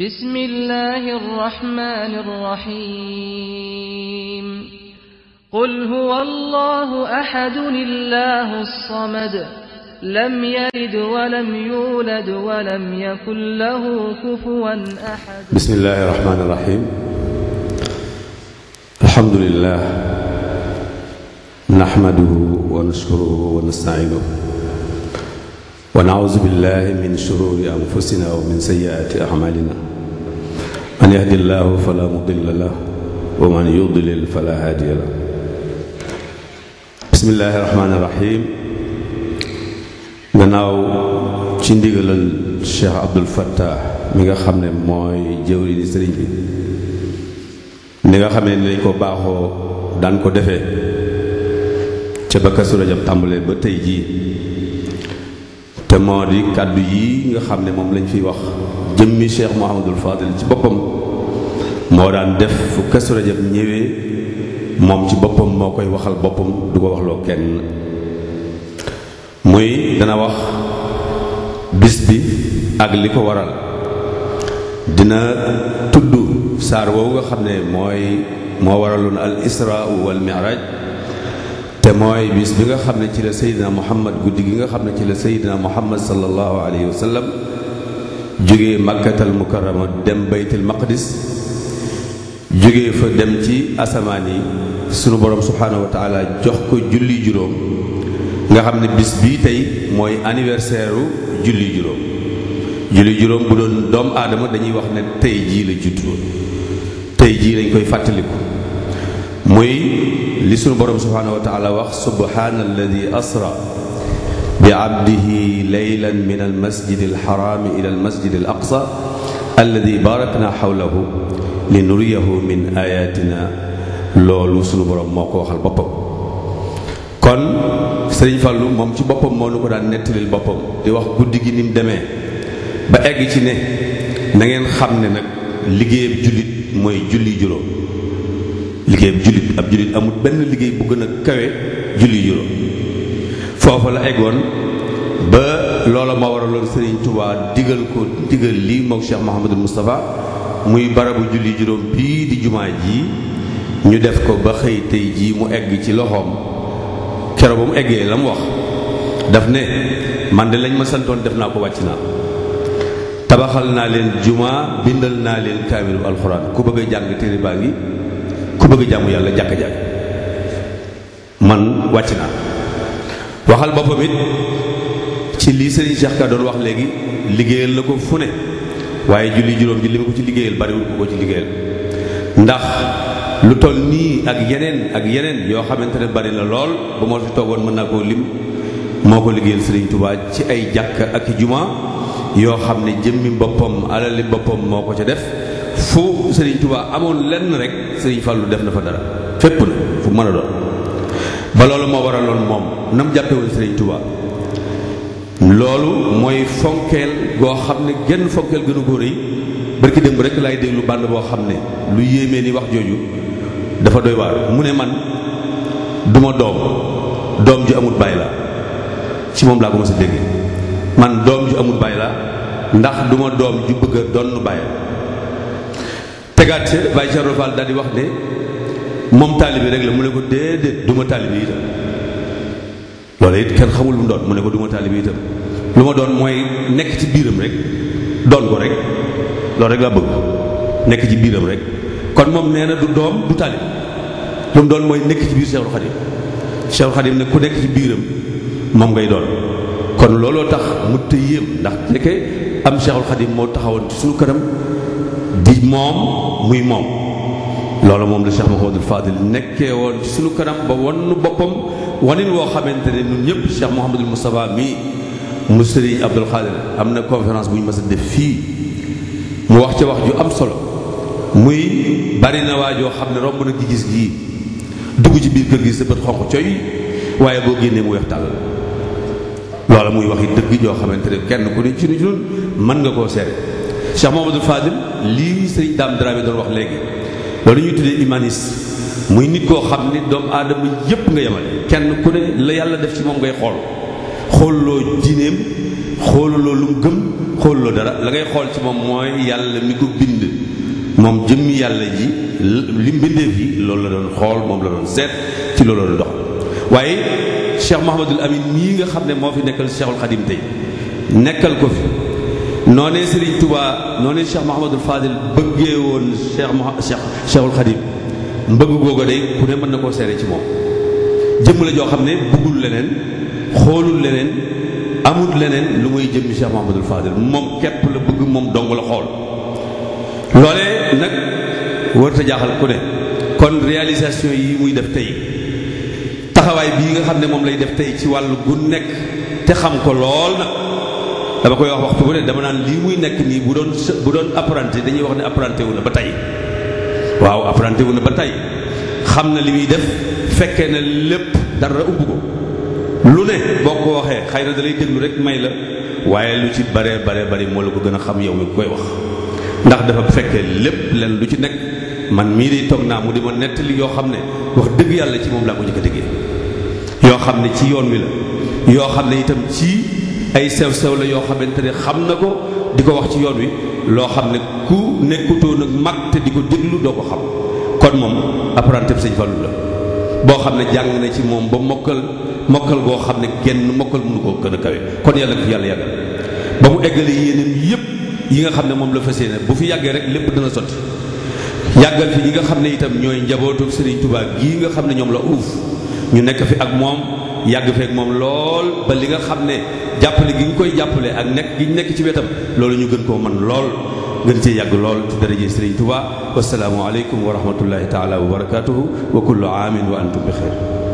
بسم الله الرحمن الرحيم قل هو الله أحد الله الصمد لم يلد ولم يولد ولم يكن له كفوا أحد بسم الله الرحمن الرحيم الحمد لله نحمده ونشكره ونستعينه wa naawuzu billahi min shururi anfusina wa min sayyiaati acmalina man yahdi llahu fala mudilla lah wa man yudlil fala haadiya lah bismillahi rahmaani rahim ci ndigalal Cheikh Abdul Fattah mi nga xam ne mooy jëwri ni sëriñ bi ni nga xam ne ni ko baaxoo daan ko defe ca ba Kazu tàmbalee ba tey jii te di kàddu yi nga xam ne moom lañu fiy wax jëmmi Cheikh Mouhamadul Fadil ci boppam moo daan def fu Kazu Rajab ñëwee moom ci boppam moo koy waxal boppam du ko waxloo kenn muy dana wax bis bi ak li ko waral dina tudd saar woowu nga xam ne mooy moo waraloon al israa wal te mooy bis bi nga xam ne ci la Seydina Muhammad guddi gi nga xam ne ci la Seydina Muhammad sallallahu alayhi wa sallam jógee Makkatal Mukarrama dem Baytil Maqdis jóge fa dem ci asamaan yi sunu borom subhaanahu wa jox ko julli juróom nga xam ne bis bii tey mooy anniversaire julli juróom julli juróom bu doon doom aadama dañuy wax ne tey jii la juddoo tey jii lañ koy fàttaliku muy li sunu borom subhaanahu wa taala wax subhaana alladi asra bi abdihi laylan min almasjidi alxaraami ila almasjidi al aqsa alladi li nuriyahu loolu sunu borom moo ko wax boppam kon sëriñ Fàllu moom ci boppam moo nu ko daan nettalil boppam di wax guddi gi ni mu demee ba egg ci ne na xam ne nag liggéeyab jullit mooy julli juróom liggéeyam jullit ab jullit amul benn liggéey bu gën a kawe julli juróom foofu la eggoon ba loola moo waraloon Serigne Touba digal ko digal lii moog Cheikh Mouhamadul Moustapha muy barabu julli juróom bii di jumaa ji ñu def ko ba xëy tey jii mu egg ci loxoom kero ba mu eggee la mu wax daf ne man de lañ ma santoon def naa ko wàcc naa tabaxal naa leen jumaa bindal naa leen kaamilu alxuraan ku bëgg jàng téere baa ngi ku bëgg jàmm yàlla jàkk jàkk man wàcc naa waxal boppam it ci lii sëriñ Cheikh doon wax léegi liggéeyal la ko fu ne waaye julli juróom ji li ma ko ci liggéeyal bariwul ko ko ci liggéeyal ndax lu toll nii ak yeneen ak yeneen yoo xamante ne bari na lool ba moo fi toogoon mën naa koo lim moo ko liggéeyal sëriñ Touba ci ay jàkk ak juma yoo xam ne jëmmi boppam alali boppam moo ko ca def fu Serigne Touba amoon lenn rek Serigne Fallou def na fa dara fépp na fu mën a doon ba loolu moo waraloon moom na mu jàppe woon Serigne loolu mooy fonkeel goo xam ne genn fonkeel gënu ko rëy barki démb rek laay déglu bànd boo xam ne lu yéeme ni wax jooju dafa doy waar mu ne man duma doom doom ju amul baay la ci moom laa ko mës a déggee man doom ju amul bàyyi la ndax duma doom ju bëgg a donn bàyyi tegaat ci Baye Cheikh Fall daal di wax ne moom taalibi rek la mu ne ko déedéet du ma itam loolu it kenn xamul lu mu doon mu ne ko du ma taalibi itam lu ma doon mooy nekk ci biiram rek doon ko rek loolu rek nekk ci biiram rek kon moom nee na doom du taalib mooy nekk ci biir Cheikhul Khadim Cheikhul ku nekk ci biiram moom ngay doon kon looloo tax mu tëyeem ndax nekke am Cheikhul Khadim moo taxawoon ci këram di moom muy moom loolu moom la Cheikh Mouhamadul Fadil nekkee woon ci sunu kanam ba wan nu boppam wanin woo xamante ne ñun ñëpp Cheikh Mouhamadul Moustapha mii mu Sëriñ Abdul Xaadir am na conférence bu ñu mës def fii mu wax ca wax ju am solo muy bari na waa joo xam ne romb na gi gis gii dugg ci biir kër gi sa bët xonq coy waaye boo génnee mu weex tàll loola muy waxi dëgg joo xamante ne kenn ku ne ci nu mën nga koo seere Cheikh Mamadou Fadil lii sëriñ Dame Dramé doon wax léegi loolu ñuy tuddee humaniste muy nit koo xam ni doomu aadama yépp nga yemale kenn ku ne la yàlla def ci moom ngay xool xooluloo diineem xooluloo lu mu gëm xooluloo dara la ngay xool ci moom mooy yàlla mi ko bind moom jëmmi yàlla ji li mbindeef yi loolu la doon xool moom la doon seet ci loolu la doon dox waaye Cheikh Mahamadul Amin mii nga xam ne moo fi nekkal Cheikhul Xadim tey nekkal ko fi noonee Serigne Touba noonee Cheikh Mouhamadul Fadil bëggee woon Cheikh Mouha Cheikh Cheikhul Khadim mbëgg googu day ku ne mën na koo seere ci moom jëmm la joo xam ne bëggul leneen xoolul leneen amul leneen lu muy jëmmi Cheikh Mouhamadul Fadil moom képp la bëgg moom dong la xool loolee nag warta jaaxal ku ne kon réalisation yi muy def tey taxawaay bii nga xam ne moom lay def tey ci wàllu gu nekk te xam ko lool nag. dama koy wax waxtu bu ne dama naan lii muy nekk nii bu doon bu doon apprenti dañuy wax ne apprenti wu na ba tey waaw apprenti wu na ba tey xam na li muy def fekkee na lépp dara ubbu ko lu ne boo ko waxee xëy na da lay déglu rek may la waaye lu ci baree baree bari moo la ko gën a xam yow mi koy wax ndax dafa fekkee lépp leen lu ci nekk man mii di toog naa mu di ma nettali yoo xam ne wax dëgg yàlla ci moom laa ko njëkk a déggee yoo xam ne ci yoon wi la yoo ay sew-sew la yoo xam ne xam na ko di ko wax ci yoon wi loo xam ne ku nekkutoo nag mag te di ko déglu doo ko xam kon moom apprenti bi sëñ la boo xam ne jàng na ci moom ba mokkal mokkal boo xam ne kenn mokkal mënu koo gën a kawe kon yàlla fi yàlla yàggal ba mu eggale yéenam yépp yi nga xam ne moom la fas yéene bu fi yàggee rek lépp dana sotti yàggal fi ñi nga xam ne itam ñooy njabootu Serigne Touba gii nga xam ne ñoom la uuf ñu nekk fi yàgg feek moom lool ba li nga xam ne jàppale gi ñu koy jàppale ak nekk gi ñu nekk ci wetam loolu ñu gën koo mën lool gën cee yàgg lool ci daraje Sëriñ Tuubaa wasalaamu aleykum wa rahmatullahi taala wa barakatuhu wa kullu aamin wa antum bi xeer